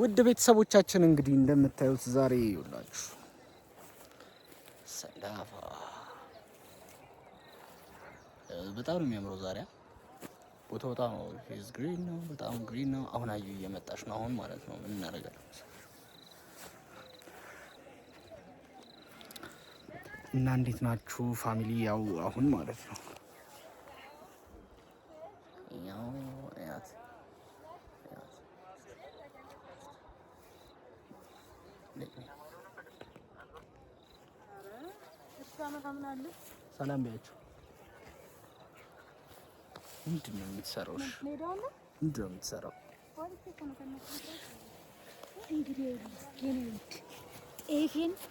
ውድ ቤተሰቦቻችን እንግዲህ እንደምታዩት ዛሬ ይውላችሁ ሰንዳፋ በጣም ነው የሚያምረው። ዛሬ ቦታ በጣም ፌዝ ግሪን ነው፣ በጣም ግሪን ነው። አሁን አዩ እየመጣች ነው። አሁን ማለት ነው ምን እናደርጋለን እና እንዴት ናችሁ ፋሚሊ? ያው አሁን ማለት ነው ሰላም በያቸው። ምንድን ነው የምትሰራው? ምንድን ነው የምትሰራው?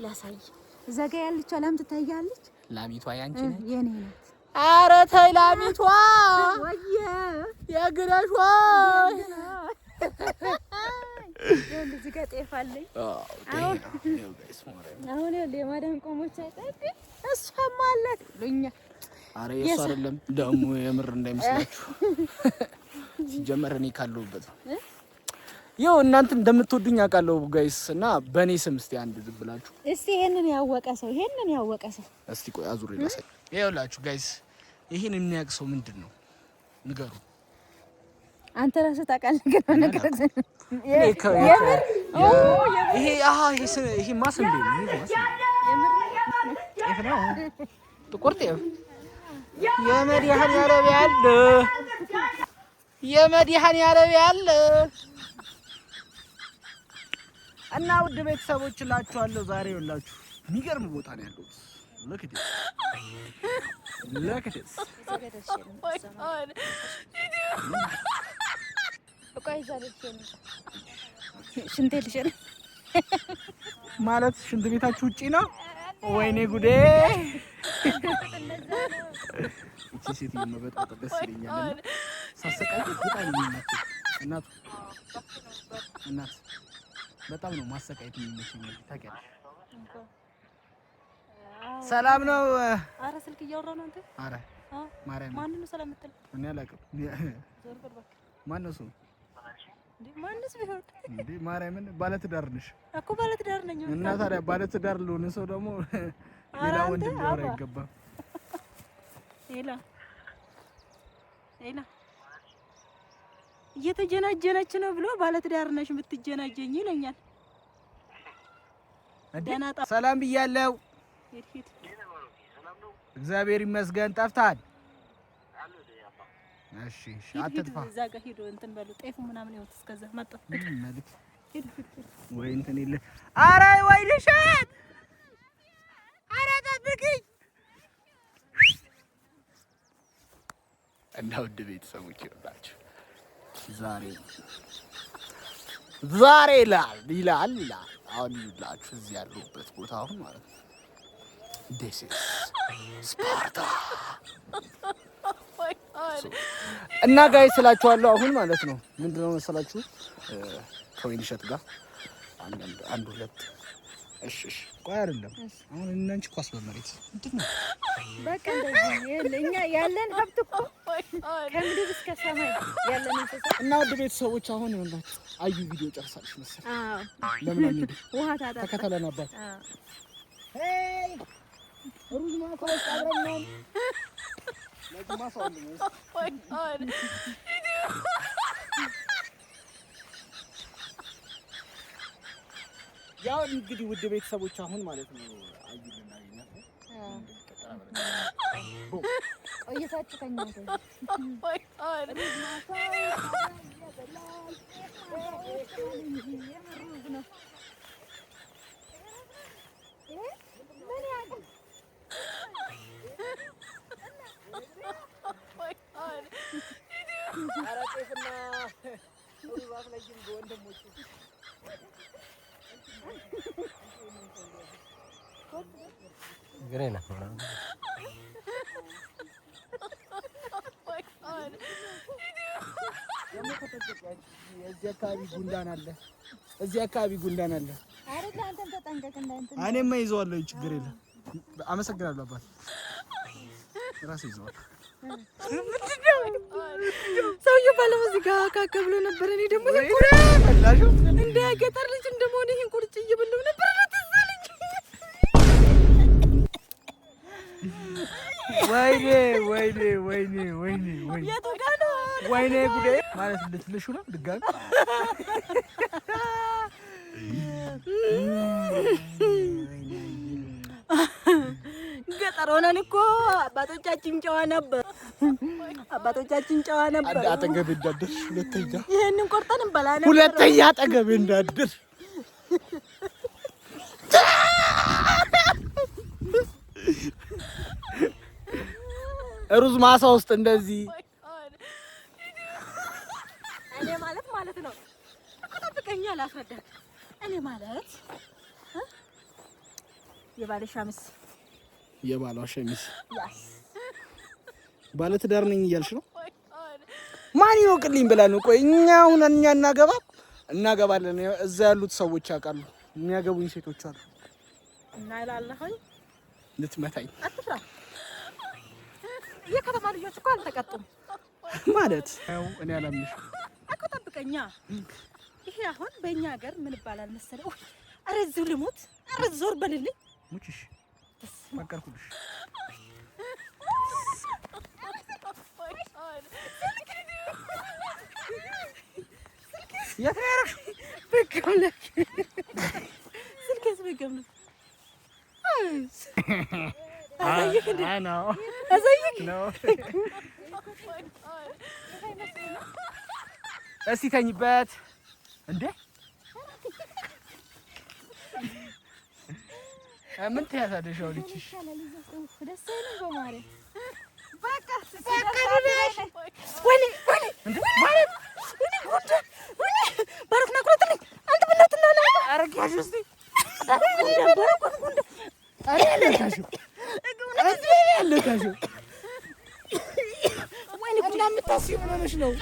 ላሳይ። እዛ ጋ ላም ትታያለች። ላሚቷ ያንቺ ነች? የኔ ተይ ላሚቷ፣ የግረሿ እንደዚህ ጋር ጤፍ አለኝ። አሁን የማዳም ቆሞች አይጠቅም እሷም አላት ብሎኛል። ኧረ የእሱ አይደለም ደግሞ የምር እንዳይመስላችሁ ሲጀመር እኔ ካለሁበት ይኸው እናንተ እንደምትወዱኝ አውቃለሁ ጋይስ። እና በእኔ ስም እስቲ አንድ ዝም ብላችሁ እስቲ ይሄንን ያወቀ ሰው ይሄንን ያወቀ ሰው እስቲ ቆይ አዙር ይላሳይ ይኸውላችሁ ጋይስ፣ ይሄን የሚያውቅ ሰው ምንድን ነው ንገሩ አንተ ራስህ ታውቃለህ። ግን ነገር የመድሃን ያረብ ያለ እና ውድ ቤተሰቦች እላችኋለሁ ዛሬ የላችሁ የሚገርም ቦታ ነው ያለሁት። ለክደስ ለክደስ ሽንቴ ልሸን ማለት ሽንት ቤታችሁ ውጪ ነው? ወይኔ ጉዴ! እቺ ሴት ደስ ይለኛል። በጣም ነው እናት እናት በጣም ነው ማሰቃየት የሚመስለኝ። ታውቂያለሽ። ሰላም ነው። አረ ስልክ እያወራሁ ነው። አንተ አረ ማርያም ማን ነው ሰላም እኔ አላውቅም። ማን ነው እሱ? ማንስ ቢሆን እንዴ ማርያምን፣ ባለትዳር ነሽ እኮ ባለትዳር ነኝ። እና ታዲያ ባለትዳር ሰው ደግሞ ሌላ ወንድ አይገባም። ሌላ ሌላ እየተጀናጀነች ነው ብሎ ባለትዳር ነሽ የምትጀናጀኝ ይለኛል። ሰላም ብያለሁ። እግዚአብሔር ይመስገን። ጠፍተሃል። እሺ፣ እሺ፣ አትጥፋ። እዛ ጋር ሂዶ እንትን በሉ ጤፉ ምናምን ይወጥ እስከዛ መጣ ማለት ወይ እንትን የለ። ኧረ ወይ ልሸት! ኧረ ጠብቂኝ። እና ውድ ቤተሰቦች ይኸውላችሁ ዛሬ ዛሬ ይላል ይላል ይላል አሁን ይላችሁ እዚህ ያለሁበት ቦታ አሁን ማለት ነው ዲስ ኢዝ ስፓርታ እና ጋይ ስላችኋለሁ አሁን ማለት ነው ምንድነው መሰላችሁ ከወይንሸት ጋር አንድ አንድ ሁለት እሺ፣ እሺ፣ ቆይ አይደለም አሁን እናንቺ ኳስ በመሬት ምንድን በቃ እንደዚህ እኛ ያለን ሀብት እኮ oh ከምድር እስከ ሰማይ ያለን እና ወደ ቤተሰቦች አሁን ይኸውላችሁ አዩ ቪዲዮ ጨርሳለች መሰለኝ። ለምን አንሄድ? ውሃ ታጣ ተከተለን አባት ሩዝ ማኮረስ አብረን Make a muscle under this. Oh my god. you do. ያው እንግዲህ ውድ ቤተሰቦች አሁን ማለት ነው አየር እንዳገኛት ቆይታችሁ ከኛ ነው አትለይም በወንድሞቹ አካባቢ ጉንዳን አለ። እዚህ አካባቢ ጉንዳን አለ። አመሰግናለሁ አባት ራሴ ይዘዋል። ሰውዬው ባለፈው እዚህ ጋ ካከ ብሎ ነበር። እኔ ደግሞ እንደ ገጠር ልጅ እንደመሆነ ይሄን ቁርጭ እየበላሁ ነበር። ወይኔ ወይኔ ወይኔ ወይኔ ወይኔ ጉዳይ ማለት ልትልሹ ነው ድጋሚ ገጠር ሆነን እኮ አባቶቻችን ጨዋ ነበር። አባቶቻችን ጨዋ ነበር። አጠገቤ እንዳደርሽ ሁለተኛ ይሄንን ቆርጠን እንበላ ነበር። ሁለተኛ አጠገብ እንዳደርሽ ሩዝ ማሳ ውስጥ እንደዚህ እኔ ማለት ማለት ነው። አጣጥቀኛ ላስረዳት እኔ ማለት የባለ ሸሚዝ የባሏ ሸሚዝ ባለትዳር ነኝ እያልሽ ነው። oh ማን ይወቅልኝ ብላ ነው። ቆይ እኛ አሁን እኛ እናገባ እናገባለን። እዛ ያሉት ሰዎች ያውቃሉ፣ የሚያገቡኝ ሴቶች አሉ። እና ይላለሁኝ ልትመታኝ አትፍራ። የከተማ ልጆች እኮ አልተቀጡም ማለት ያው እኔ አላምንሽ እኮ ጠብቀኛ። ይሄ አሁን በእኛ ሀገር ምን ይባላል መሰለው? ኧረ እዚሁ ልሞት፣ ኧረ ዞር በልልኝ። ሙችሽ መቀርኩልሽ እስቲ ተኝበት እንዴ! ምን ትያታለሽ? አሁን ልጅሽ በቃ ነካሽ እስቲ ነው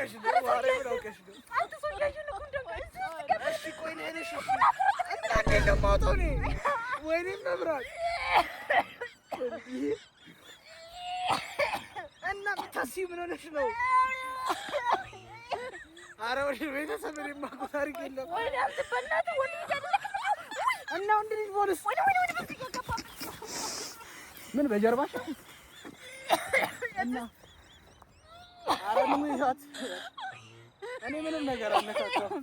እና ታስዬ ምን ሆነሽ ነው? ኧረ ቤተሰብ እኔማ እኮ ታሪክ እና አትንካት። እኔ ምንም ነገር አልነካቸውም።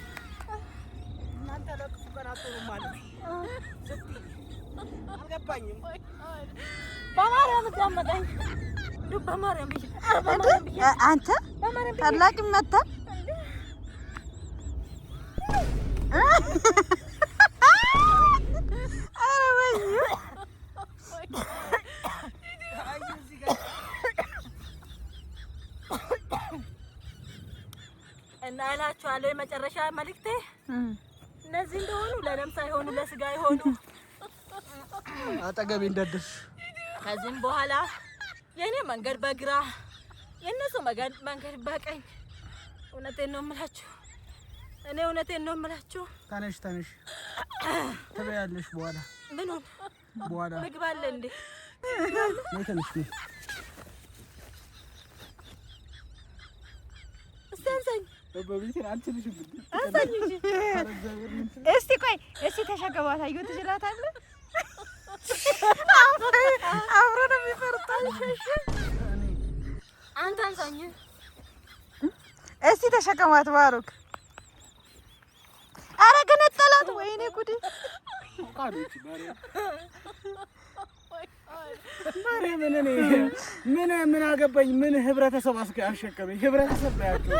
የምታለቅሱ ቀን አትሆኑም ማለት አልገባኝም። በማርያም አመጣኝ አንተ ታላቅ መታ እና እላችኋለሁ የመጨረሻ መልእክቴ እንደዚህ እንደሆኑ የሆኑ ለስጋ የሆኑ አጠገቤ እንዳደርሽ። ከዚህም በኋላ የእኔ መንገድ በግራ የእነሱ መንገድ በቀኝ። እውነቴን ነው የምላችሁ፣ እኔ እውነቴን ነው የምላችሁ። ተነሽ ተነሽ፣ ትበያለሽ። በኋላ ምኑን በኋላ ምግብ አለ እንዴ? ተነሽ እስቲ ቆይ እስቲ ተሸከቧት፣ አየሁ ትችላታለህ። አብሮ ነው የሚፈርጠው። አንተ አንሳኝ እስቲ ተሸከሟት። ባሩክ ኧረ ገነጠላት። ወይኔ ጉዴ! ማርያምን እኔ ምን ምን አገባኝ? ምን ህብረተሰብ አስገ አሸከመኝ ህብረተሰብ ያቸው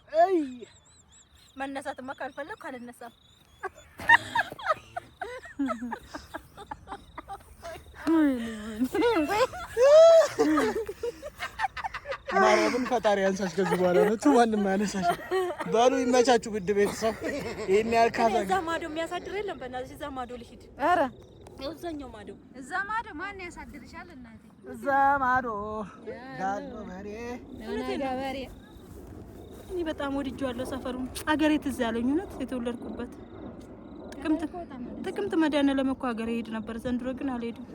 እይ መነሳትማ ካልፈለኩ አልነሳም። ማርያምን ፈጣሪ ያንሳሽ። ከዚህ በኋላ ነው ማንም ያነሳሽ። በሉ ይመቻችሁ። ግድ ቤተሰብ ይሄን ያህል ካዛ እዛ ማዶ የሚያሳድር የለም። በእናትሽ እዛ ማዶ ልሂድ። ኧረ እዛኛው ማዶ እዛ ማዶ ማን ያሳድርሻል እናቴ? እዛ ማዶ ጋሎ በሬ እኔ በጣም ወድጄዋለሁ። ሰፈሩን አገሬ ትዝ ያለኝ እውነት የተወለድኩበት ጥቅምት መድኃኒዓለም እኮ አገሬ ሄድ ነበር። ዘንድሮ ግን አልሄድም።